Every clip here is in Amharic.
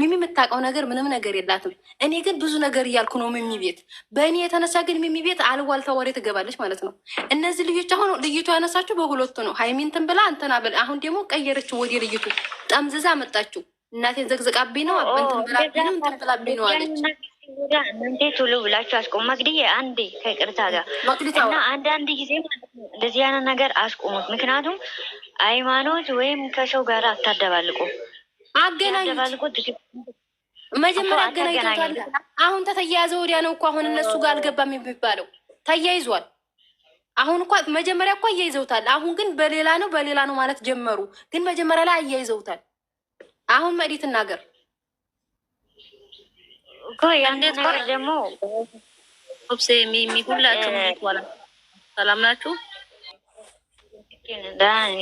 ሚሚ የምታውቀው ነገር ምንም ነገር የላትም። እኔ ግን ብዙ ነገር እያልኩ ነው ሚሚ ቤት። በእኔ የተነሳ ግን ሚሚ ቤት አልዋልታ ወሬ ትገባለች ማለት ነው። እነዚህ ልጆች አሁን ልይቱ ያነሳችሁ በሁለቱ ነው። ሀይሚንትን ብላ እንትን አበል። አሁን ደግሞ ቀየረችው ወደ ልይቱ ጠምዝዛ መጣችው። እናቴን ዘግዝቃቤ ነው እንትን ብላብኝ ነው እንትን ብላብኝ ነው አለች። እንዴት ሁሉ ብላችሁ አስቆሙ። መቅድዬ አንዴ ከቅርታ ጋር እና አንዳንድ ጊዜ እንደዚህ ያነ ነገር አስቆሙት። ምክንያቱም ሃይማኖት ወይም ከሰው ጋር አታደባልቁ አገናኙት መጀመሪያ አገናኝቶታል። አሁን ተተያያዘ ወዲያ ነው እኮ አሁን እነሱ ጋር አልገባም የሚባለው ተያይዟል። አሁን እኳ መጀመሪያ እኳ አያይዘውታል። አሁን ግን በሌላ ነው በሌላ ነው ማለት ጀመሩ። ግን መጀመሪያ ላይ አያይዘውታል። አሁን መዲ ትናገር ደግሞ ሁላችሁም ሰላም ናችሁ?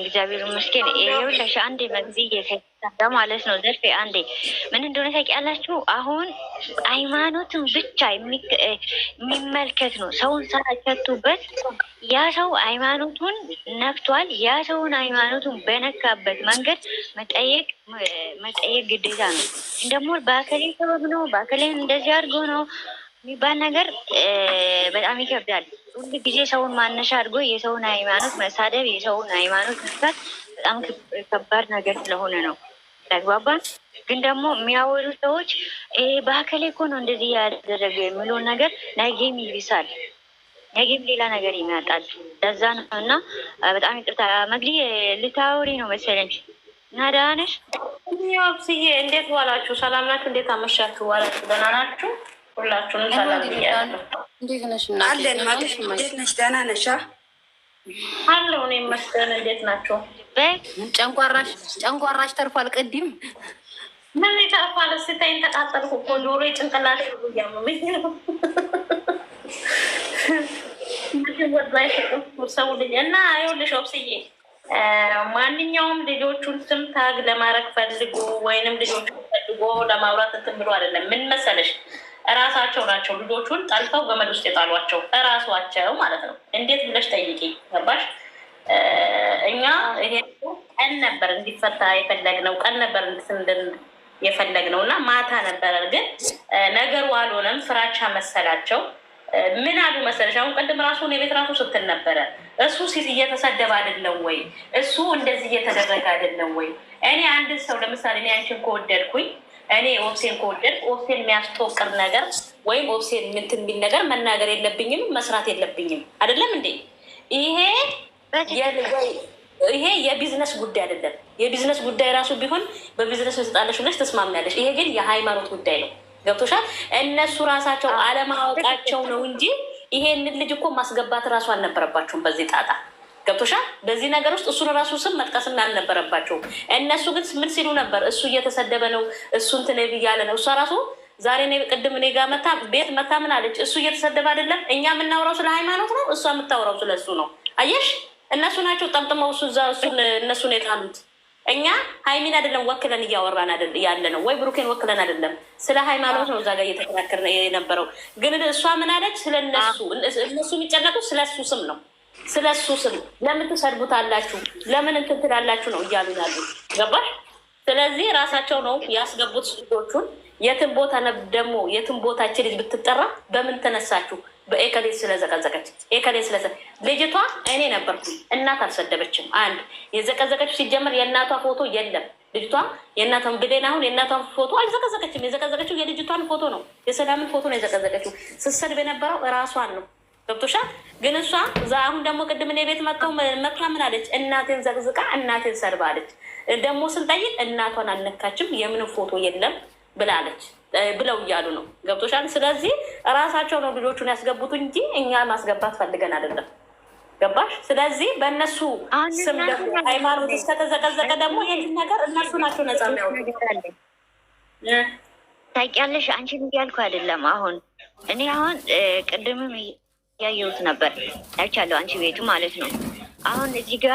እግዚአብሔር ይመስገን። ይኸውልሽ አንዴ መግቢዬ ከተሳካ ማለት ነው። ዘርፌ አንዴ ምን እንደሆነ ታውቂያላችሁ? አሁን ሃይማኖትን ብቻ የሚመልከት ነው። ሰውን ሳይከቱበት ያ ሰው ሃይማኖቱን ነክቷል። ያ ሰውን ሃይማኖቱን በነካበት መንገድ መጠየቅ መጠየቅ ግዴታ ነው። ደግሞ በአከሌ ሰበብ ነው፣ በአከሌ እንደዚህ አድርጎ ነው የሚባል ነገር በጣም ይከብዳል። ሁሉ ጊዜ ሰውን ማነሻ አድርጎ የሰውን ሃይማኖት መሳደብ፣ የሰውን ሃይማኖት መስራት በጣም ከባድ ነገር ስለሆነ ነው። ተግባባን። ግን ደግሞ የሚያወሩ ሰዎች በአከሌ እኮ ነው እንደዚህ ያደረገ የሚለውን ነገር ነገም ይብሳል፣ ነገም ሌላ ነገር ይመጣል። ለዛ ነው እና በጣም ይቅርታ መግዲ ልታወሪ ነው መሰለኝ እና ደህና ነሽ? ብስዬ እንዴት ዋላችሁ? ሰላም ናችሁ? እንዴት አመሻችሁ? ዋላችሁ? ደህና ናችሁ? ሁላችሁንም ሰላም ብያለሁ። እንዴት ነሽ? ደህና አለሁ እኔ ይመስገን። እንዴት ናቸው? ተርፏል። ቅድም ምን ተቃጠልኩ እኮ ጭንቅላት እና ይኸውልሽ ኦብስዬ ማንኛውም ልጆቹን ስም ታግ ለማድረግ ፈልጎ ወይንም ልጆቹን ፈልጎ ለማውራት እንትን ብሎ አይደለም። ምን መሰለሽ እራሳቸው ናቸው ልጆቹን ጠልፈው ገመድ ውስጥ የጣሏቸው እራሷቸው ማለት ነው። እንዴት ብለሽ ጠይቂ ገባሽ? እኛ ይሄ ቀን ነበር እንዲፈታ የፈለግነው ቀን ነበር የፈለግነው እና ማታ ነበረ። ግን ነገሩ አልሆነም። ፍራቻ መሰላቸው። ምን አሉ መሰለሽ? አሁን ቅድም ራሱ የቤት ራሱ ስትል ነበረ። እሱ ሲት እየተሰደበ አይደለም ወይ? እሱ እንደዚህ እየተደረገ አይደለም ወይ? እኔ አንድን ሰው ለምሳሌ እኔ አንቺን ከወደድኩኝ እኔ ኦፍሴን ከወደድ ኦፍሴን የሚያስተወቅር ነገር ወይም ኦፍሴን ምንትን የሚል ነገር መናገር የለብኝም መስራት የለብኝም። አይደለም እንዴ? ይሄ ይሄ የቢዝነስ ጉዳይ አይደለም። የቢዝነስ ጉዳይ ራሱ ቢሆን በቢዝነስ ስጣለሽ ብለሽ ተስማሚያለሽ። ይሄ ግን የሃይማኖት ጉዳይ ነው። ገብቶሻል? እነሱ ራሳቸው አለማወቃቸው ነው እንጂ ይሄንን ልጅ እኮ ማስገባት እራሱ አልነበረባቸውም በዚህ ጣጣ ገብቶሻል። በዚህ ነገር ውስጥ እሱን ራሱ ስም መጥቀስም አልነበረባቸውም። እነሱ ግን ምን ሲሉ ነበር? እሱ እየተሰደበ ነው፣ እሱ እንትን እያለ ነው። እሷ ራሱ ዛሬ እኔ ቅድም እኔ ጋር መታ ቤት መታ ምን አለች? እሱ እየተሰደበ አይደለም። እኛ የምናውራው ስለ ሃይማኖት ነው፣ እሷ የምታውራው ስለ እሱ ነው። አየሽ፣ እነሱ ናቸው ጠምጥመው እሱ እሱን እነሱን የጣሉት። እኛ ሀይሚን አይደለም ወክለን እያወራን ያለ ነው ወይ ብሩኬን ወክለን አይደለም። ስለ ሃይማኖት ነው እዛ ጋር እየተከራከርን የነበረው። ግን እሷ ምን አለች? ስለነሱ እነሱ የሚጨነቁት ስለ እሱ ስም ነው ስለ እሱ ስም ለምን ትሰድቡታላችሁ? ለምን እንትን ትላላችሁ ነው እያሉ ያሉ ገባሽ? ስለዚህ ራሳቸው ነው ያስገቡት ልጆቹን። የትን ቦታ ነ ደግሞ የትን ቦታችን ልጅ ብትጠራ በምን ተነሳችሁ? በኤከሌ ስለዘቀዘቀች ኤከሌ ስለዘ ልጅቷ እኔ ነበርኩ። እናት አልሰደበችም። አንድ የዘቀዘቀች ሲጀመር የእናቷ ፎቶ የለም። ልጅቷ የእናቷን ብሌን አሁን የእናቷን ፎቶ አልዘቀዘቀችም። የዘቀዘቀችው የልጅቷን ፎቶ ነው። የሰላምን ፎቶ ነው የዘቀዘቀችው። ስትሰድብ የነበረው እራሷን ነው ገብቶሻል። ግን እሷ እዛ አሁን ደግሞ ቅድም እኔ ቤት መጥተው መክራ ምን አለች? እናቴን ዘቅዝቃ እናቴን ሰድባለች። ደግሞ ስንጠይቅ እናቷን አልነካችም የምንም ፎቶ የለም ብላለች ብለው እያሉ ነው። ገብቶሻል። ስለዚህ እራሳቸው ነው ልጆቹን ያስገቡት እንጂ እኛ ማስገባት ፈልገን አይደለም። ገባሽ? ስለዚህ በእነሱ ስም ሃይማኖት እስከተዘቀዘቀ ደግሞ ይህን ነገር እነሱ ናቸው ነጻ የሚያወጡት። ታውቂያለሽ፣ አንቺን እያልኩ አይደለም። አሁን እኔ አሁን ቅድምም ያየሁት ነበር አይቻለሁ። አንቺ ቤቱ ማለት ነው። አሁን እዚህ ጋ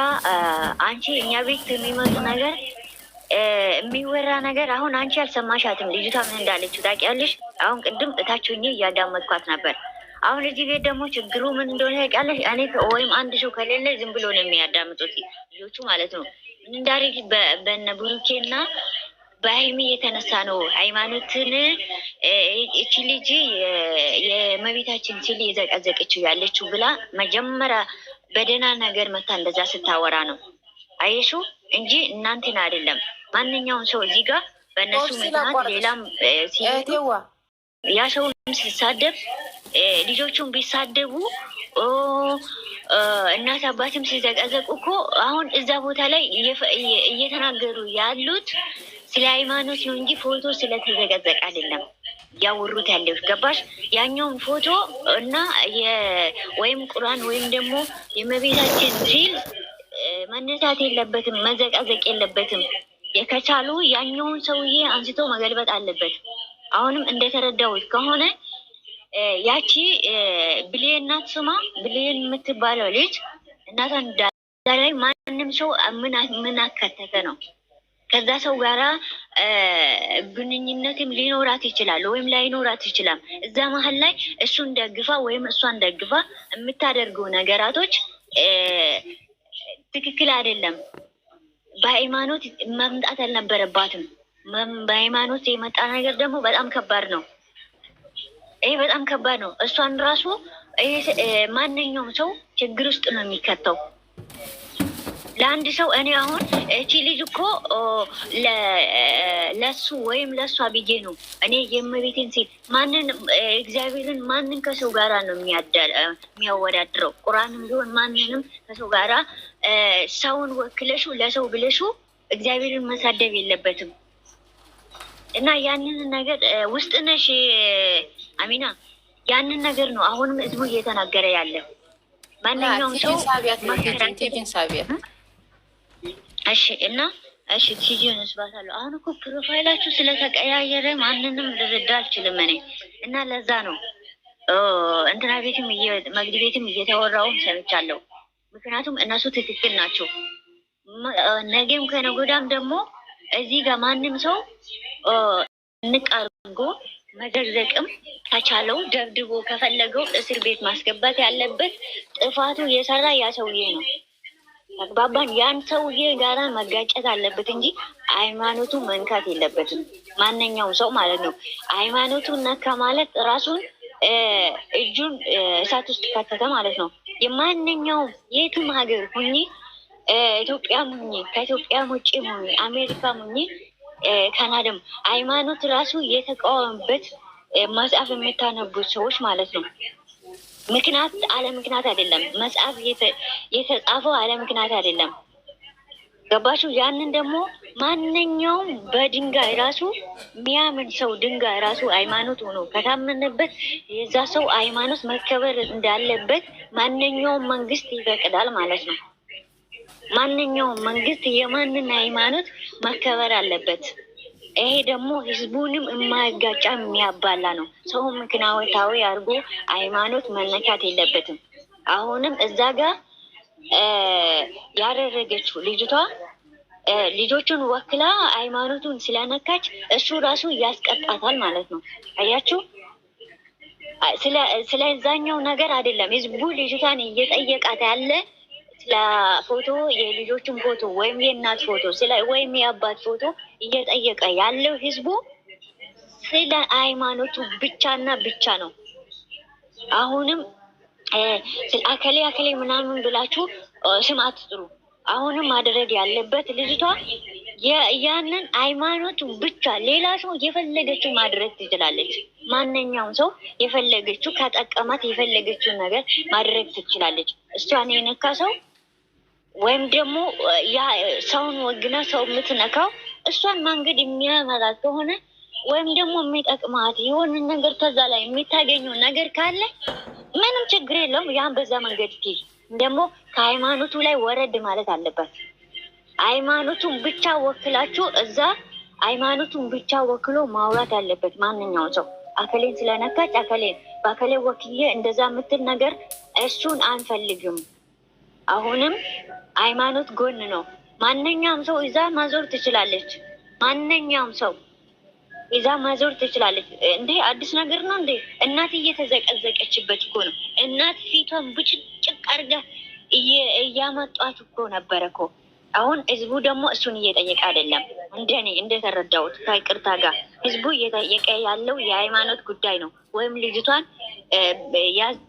አንቺ እኛ ቤት የሚመጡ ነገር የሚወራ ነገር አሁን አንቺ አልሰማሻትም። ልጅቷ ምን እንዳለችው ታውቂያለሽ። አሁን ቅድም እታች ሆኜ እያዳመጥኳት ነበር። አሁን እዚህ ቤት ደግሞ ችግሩ ምን እንደሆነ ታውቂያለሽ። እኔ ወይም አንድ ሰው ከሌለ ዝም ብሎ ነው የሚያዳምጡት ልጆቹ ማለት ነው። ምን እንዳደረግ በነ ቡሩኬና በሀይሚ የተነሳ ነው ሃይማኖትን እቺ ልጅ የመቤታችን ሲል የዘቀዘቀችው ያለችው ብላ መጀመሪያ በደህና ነገር መታ እንደዛ ስታወራ ነው አየሹ እንጂ እናንተን አይደለም። ማንኛውም ሰው እዚህ ጋር በእነሱ ምክንያት ሌላም ያ ሰውም ሲሳደብ ልጆቹን ቢሳደቡ እናት አባትም ሲዘቀዘቁ እኮ አሁን እዛ ቦታ ላይ እየተናገሩ ያሉት ስለ ሃይማኖት ነው እንጂ ፎቶ ስለተዘቀዘቀ አይደለም ያወሩት ያለው ገባሽ? ያኛውን ፎቶ እና ወይም ቁርአን ወይም ደግሞ የመቤታችን ሲል መነሳት የለበትም መዘቃዘቅ የለበትም። የከቻሉ ያኛውን ሰውዬ አንስቶ መገልበጥ አለበት። አሁንም እንደተረዳሁት ከሆነ ያቺ ብሌ እናት ስማ ብሌን የምትባለው ልጅ እናቷ ላይ ማንም ሰው ምን አከተተ ነው ከዛ ሰው ጋራ ግንኙነትም ሊኖራት ይችላል ወይም ላይኖራት ይችላል። እዛ መሀል ላይ እሱን ደግፋ ወይም እሷን ደግፋ የምታደርገው ነገራቶች ትክክል አይደለም። በሃይማኖት መምጣት አልነበረባትም። በሃይማኖት የመጣ ነገር ደግሞ በጣም ከባድ ነው። ይሄ በጣም ከባድ ነው። እሷን ራሱ ማንኛውም ሰው ችግር ውስጥ ነው የሚከተው። ለአንድ ሰው እኔ አሁን እቺ ልጅ እኮ ለሱ ወይም ለሱ ብዬ ነው እኔ የእመቤቴን ሴት ማንን እግዚአብሔርን ማንን ከሰው ጋራ ነው የሚያወዳድረው? ቁርአንም ቢሆን ማንንም ከሰው ጋራ ሰውን ወክለሹ ለሰው ብለሹ እግዚአብሔርን መሳደብ የለበትም እና ያንን ነገር ውስጥ ነሽ አሚና፣ ያንን ነገር ነው አሁንም ህዝቡ እየተናገረ ያለ ማንኛውም ሰው እሺ እና እሺ ቲጂን እስባታለሁ። አሁን እኮ ፕሮፋይላችሁ ስለተቀያየረ ማንንም ልረዳ አልችልም እኔ እና ለዛ ነው እንትና ቤትም መግድ ቤትም እየተወራውም ሰምቻለሁ። ምክንያቱም እነሱ ትክክል ናቸው። ነገም ከነጎዳም ደግሞ እዚህ ጋር ማንም ሰው እንቃርጎ መዘቅዘቅም ከቻለው ደብድቦ ከፈለገው እስር ቤት ማስገባት ያለበት ጥፋቱ የሰራ ያ ሰውዬ ነው። ተግባባን። ያን ሰውዬ ጋራ መጋጨት አለበት እንጂ ሃይማኖቱ መንካት የለበትም። ማንኛውም ሰው ማለት ነው። ሃይማኖቱ ነካ ማለት ራሱን እጁን እሳት ውስጥ ከተተ ማለት ነው። የማንኛውም የትም ሀገር ሁኚ፣ ኢትዮጵያም ሁኚ፣ ከኢትዮጵያም ውጭ ሁኚ፣ አሜሪካም ሁኚ፣ ካናዳም ሃይማኖት ራሱ የተቃወመበት መጽሐፍ የምታነቡት ሰዎች ማለት ነው ምክንያት አለ ምክንያት አይደለም። መጽሐፍ የተጻፈው አለ ምክንያት አይደለም። ገባችሁ? ያንን ደግሞ ማንኛውም በድንጋይ ራሱ የሚያምን ሰው ድንጋይ ራሱ ሃይማኖት ሆኖ ከታመነበት የዛ ሰው ሃይማኖት መከበር እንዳለበት ማንኛውም መንግስት ይፈቅዳል ማለት ነው። ማንኛውም መንግስት የማንን ሃይማኖት መከበር አለበት። ይሄ ደግሞ ህዝቡንም የማያጋጫ የሚያባላ ነው። ሰው ምክንያታዊ አድርጎ ሃይማኖት መነካት የለበትም። አሁንም እዛ ጋር ያደረገችው ልጅቷ ልጆቹን ወክላ ሃይማኖቱን ስለነካች እሱ ራሱ ያስቀጣታል ማለት ነው። አያችሁ፣ ስለዛኛው ነገር አይደለም ህዝቡ ልጅቷን እየጠየቃት ያለ ለፎቶ የልጆችን ፎቶ ወይም የእናት ፎቶ ወይም የአባት ፎቶ እየጠየቀ ያለው ህዝቡ ስለ ሃይማኖቱ ብቻና ብቻ ነው። አሁንም ስለ አከሌ አከሌ ምናምን ብላችሁ ስም አትጥሩ። አሁንም ማድረግ ያለበት ልጅቷ ያንን ሃይማኖቱ ብቻ ሌላ ሰው የፈለገችው ማድረግ ትችላለች። ማንኛውም ሰው የፈለገችው ከጠቀማት የፈለገችውን ነገር ማድረግ ትችላለች። እሷን የነካ ሰው ወይም ደግሞ ያ ሰውን ወግና ሰው የምትነካው እሷን መንገድ የሚያመራት ከሆነ ወይም ደግሞ የሚጠቅማት የሆነ ነገር ከዛ ላይ የሚታገኘው ነገር ካለ ምንም ችግር የለውም። ያን በዛ መንገድ ደግሞ ከሃይማኖቱ ላይ ወረድ ማለት አለባት። ሃይማኖቱን ብቻ ወክላችሁ እዛ ሃይማኖቱን ብቻ ወክሎ ማውራት አለበት ማንኛውም ሰው አከሌን ስለነካች አከሌን በአከሌ ወክዬ እንደዛ የምትል ነገር እሱን አንፈልግም አሁንም ሃይማኖት ጎን ነው። ማንኛውም ሰው ይዛ ማዞር ትችላለች። ማንኛውም ሰው ይዛ ማዞር ትችላለች። እንዴ አዲስ ነገር ነው እንዴ? እናት እየተዘቀዘቀችበት እኮ ነው። እናት ፊቷን ብጭጭቅ አድርጋ እያመጧት እኮ ነበረ እኮ። አሁን ህዝቡ ደግሞ እሱን እየጠየቀ አይደለም። እንደኔ እንደተረዳሁት ከይቅርታ ጋር ህዝቡ እየጠየቀ ያለው የሃይማኖት ጉዳይ ነው፣ ወይም ልጅቷን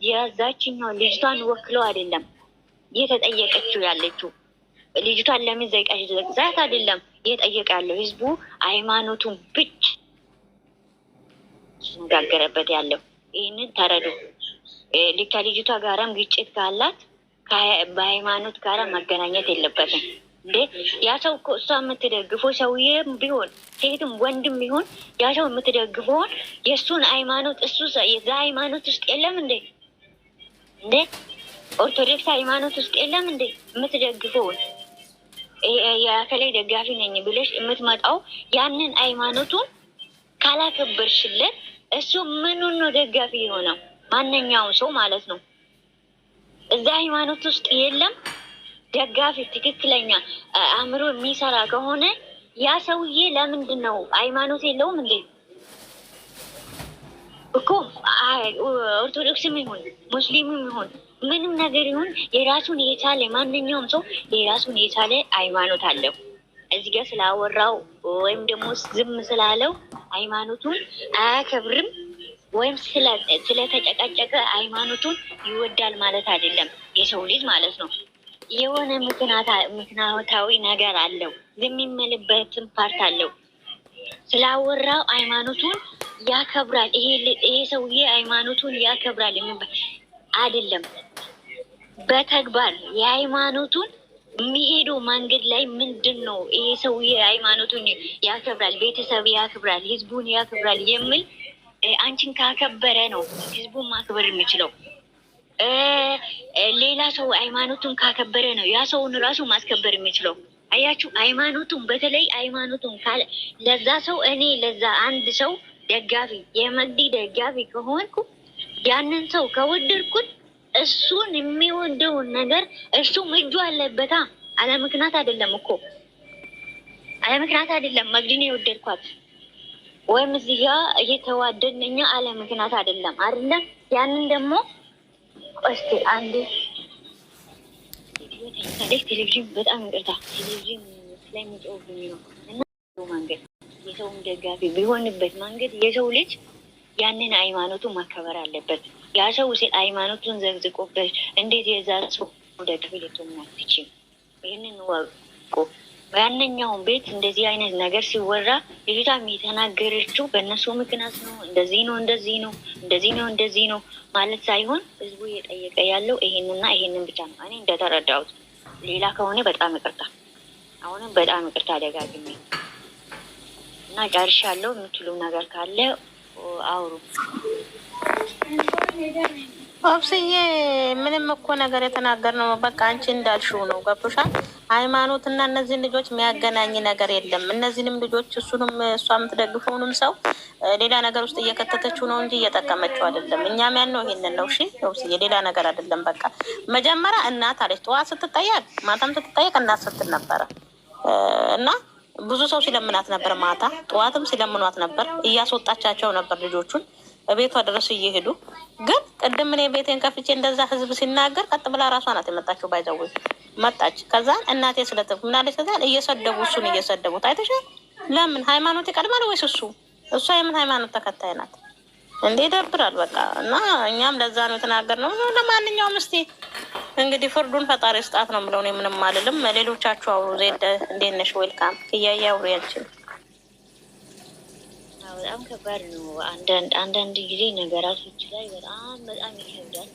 የያዛችኛው ልጅቷን ወክለው አይደለም እየተጠየቀችው ያለችው ልጅቷን ለምን ዘቃሽ ዘግዛት አይደለም እየጠየቀ ያለው ህዝቡ ሃይማኖቱን ብቻ ሲነጋገረበት ያለው ይህንን ተረዱ። ከልጅቷ ጋራም ግጭት ካላት በሃይማኖት ጋራ መገናኘት የለበትም። እንዴ ያ ሰው እኮ እሷ የምትደግፈው ሰውዬም ቢሆን ሴትም ወንድም ቢሆን ያ ሰው የምትደግፈውን የእሱን ሃይማኖት እሱ የዛ ሃይማኖት ውስጥ የለም እንዴ እንዴ ኦርቶዶክስ ሃይማኖት ውስጥ የለም እንዴ የምትደግፈውን የከላይ ደጋፊ ነኝ ብለሽ የምትመጣው ያንን ሃይማኖቱን ካላከበርሽለት እሱ ምኑን ነው ደጋፊ የሆነው? ማንኛውም ሰው ማለት ነው። እዛ ሃይማኖት ውስጥ የለም ደጋፊ ትክክለኛ አእምሮ የሚሰራ ከሆነ ያ ሰውዬ ለምንድን ነው ሃይማኖት የለውም እንዴ? እኮ ኦርቶዶክስም ይሁን ሙስሊምም ይሁን ምንም ነገር ይሁን የራሱን የቻለ ማንኛውም ሰው የራሱን የቻለ ሃይማኖት አለው። እዚህ ጋር ስላወራው ወይም ደግሞ ዝም ስላለው ሃይማኖቱን አያከብርም ወይም ስለተጨቃጨቀ ሃይማኖቱን ይወዳል ማለት አይደለም። የሰው ልጅ ማለት ነው የሆነ ምክንያታዊ ነገር አለው። የሚመልበትም ፓርት አለው። ስላወራው ሃይማኖቱን ያከብራል። ይሄ ሰውዬ ሃይማኖቱን ያከብራል አይደለም። በተግባር የሃይማኖቱን የሚሄደው መንገድ ላይ ምንድን ነው ይሄ ሰውዬ የሃይማኖቱን ያከብራል፣ ቤተሰብ ያክብራል፣ ህዝቡን ያክብራል የሚል አንቺን ካከበረ ነው ህዝቡን ማክበር የሚችለው። ሌላ ሰው ሃይማኖቱን ካከበረ ነው ያ ሰውን ራሱ ማስከበር የሚችለው። አያችሁ፣ ሃይማኖቱን በተለይ ሃይማኖቱን ካለ ለዛ ሰው እኔ ለዛ አንድ ሰው ደጋፊ የመግዲ ደጋፊ ከሆንኩ ያንን ሰው ከወደድኩት እሱን የሚወደውን ነገር እሱም እጁ አለበታ። አለ ምክንያት አይደለም እኮ አለ ምክንያት አይደለም መግድን የወደድኳት ወይም እዚህ ጋ እየተዋደድን እኛ አለ ምክንያት አይደለም አይደለም። ያንን ደግሞ እስቲ አንዴ ቴሌቪዥን በጣም ይቅርታ፣ ቴሌቪዥን ስለሚጮብኝ ነው እና መንገድ የሰውም ደጋፊ ቢሆንበት መንገድ የሰው ልጅ ያንን ሃይማኖቱ ማከበር አለበት። ያ ሰው ሲል ሃይማኖቱን ዘግዝቆበት እንዴት የዛ ሰው ወደ ክፍል ትችም ይህንን ወቁ ያንኛውን ቤት እንደዚህ አይነት ነገር ሲወራ ልጅቷ የተናገረችው በእነሱ ምክንያት ነው። እንደዚህ ነው እንደዚህ ነው እንደዚህ ነው እንደዚህ ነው ማለት ሳይሆን ህዝቡ እየጠየቀ ያለው ይሄንና ይሄንን ብቻ ነው። እኔ እንደተረዳሁት ሌላ ከሆነ በጣም ይቅርታ፣ አሁንም በጣም ይቅርታ ደጋግሜ እና ጨርሻለሁ። የምትሉ ነገር ካለ አውሩ። ኦብስዬ ምንም እኮ ነገር የተናገር በቃ አንቺ እንዳልሽው ነው። ገብቶሻል። ሃይማኖትና እነዚህን ልጆች የሚያገናኝ ነገር የለም። እነዚህንም ልጆች እሱንም እሷ የምትደግፈውንም ሰው ሌላ ነገር ውስጥ እየከተተችው ነው እንጂ እየጠቀመችው አይደለም። እኛም ያልነው ይሄንን ነው። እሺ ኦብስዬ፣ ሌላ ነገር አይደለም። በቃ መጀመሪያ እናት አለች። ጠዋት ስትጠየቅ ማታም ስትጠየቅ እናት ስትል ነበረ እና ብዙ ሰው ሲለምናት ነበር። ማታ ጠዋትም ሲለምኗት ነበር። እያስወጣቻቸው ነበር ልጆቹን ቤቷ ድረስ እየሄዱ ግን ቅድም እኔ ቤቴን ከፍቼ እንደዛ ህዝብ ሲናገር ቀጥ ብላ ራሷ ናት የመጣችው። ባይዘው መጣች። ከዛን እናቴ ስለጥፍ ምናለች። ከዛን እየሰደቡ እሱን እየሰደቡት አይተሻል። ለምን ሃይማኖት ይቀድማል ወይስ እሱ? እሷ የምን ሃይማኖት ተከታይ ናት? እንዴ ይደብራል። በቃ እና እኛም ለዛ ነው የተናገርነው። ለማንኛውም እስቲ እንግዲህ ፍርዱን ፈጣሪ ስጣት ነው ብለው ምንም አልልም። ሌሎቻችሁ አውሩ። ዜድ እንዴት ነሽ? ዌልካም እያየ አውሩ ያችል በጣም ከባድ ነው። አንዳንድ ጊዜ ነገራቶች ላይ በጣም በጣም ይከብዳል።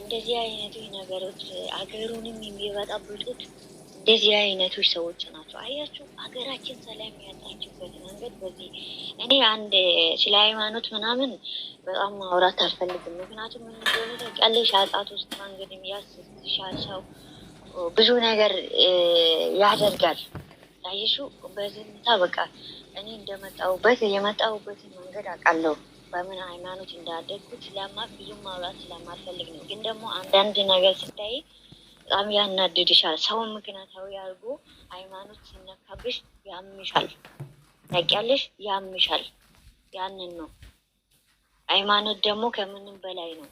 እንደዚህ አይነቶች ነገሮች አገሩንም የሚበጣብጡት እንደዚህ አይነቶች ሰዎች ናቸው። አያችሁ ሀገራችን ሰላም ያጣችበት መንገድ በዚህ እኔ አንድ ስለ ሃይማኖት ምናምን በጣም ማውራት አልፈልግም። ምክንያቱም ምን እንደሆነ ታውቂያለሽ፣ አጣት ውስጥ መንገድ የሚያስሻል ሰው ብዙ ነገር ያደርጋል። አየሹ በዝምታ በቃ እኔ እንደመጣሁበት የመጣሁበትን መንገድ አውቃለሁ። በምን ሃይማኖት እንዳደግኩት ለማ ብዙም ማውራት ስለማልፈልግ ነው። ግን ደግሞ አንዳንድ ነገር ስታይ በጣም ያናድድሻል። ሰው ምክንያታዊ አድርጎ ሃይማኖት ሲነካብሽ ያምሻል፣ ታውቂያለሽ፣ ያምሻል። ያንን ነው ሃይማኖት ደግሞ ከምንም በላይ ነው።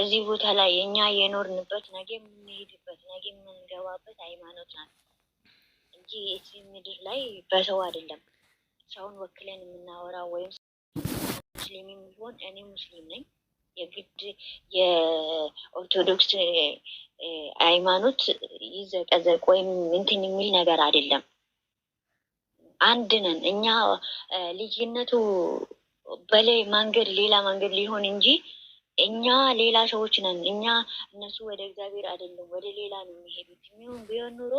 እዚህ ቦታ ላይ እኛ የኖርንበት ነገ የምንሄድበት ነገ የምንገባበት ሃይማኖት ናት እንጂ እዚህ ምድር ላይ በሰው አይደለም። ሰውን ወክለን የምናወራው ወይም ሙስሊም የሚሆን እኔ ሙስሊም ነኝ የግድ የኦርቶዶክስ ሃይማኖት ይዘቀዘቅ ወይም እንትን የሚል ነገር አይደለም። አንድ ነን እኛ። ልዩነቱ በላይ መንገድ ሌላ መንገድ ሊሆን እንጂ እኛ ሌላ ሰዎች ነን። እኛ እነሱ ወደ እግዚአብሔር አይደለም ወደ ሌላ ነው የሚሄዱት። የሚሆን ቢሆን ኑሮ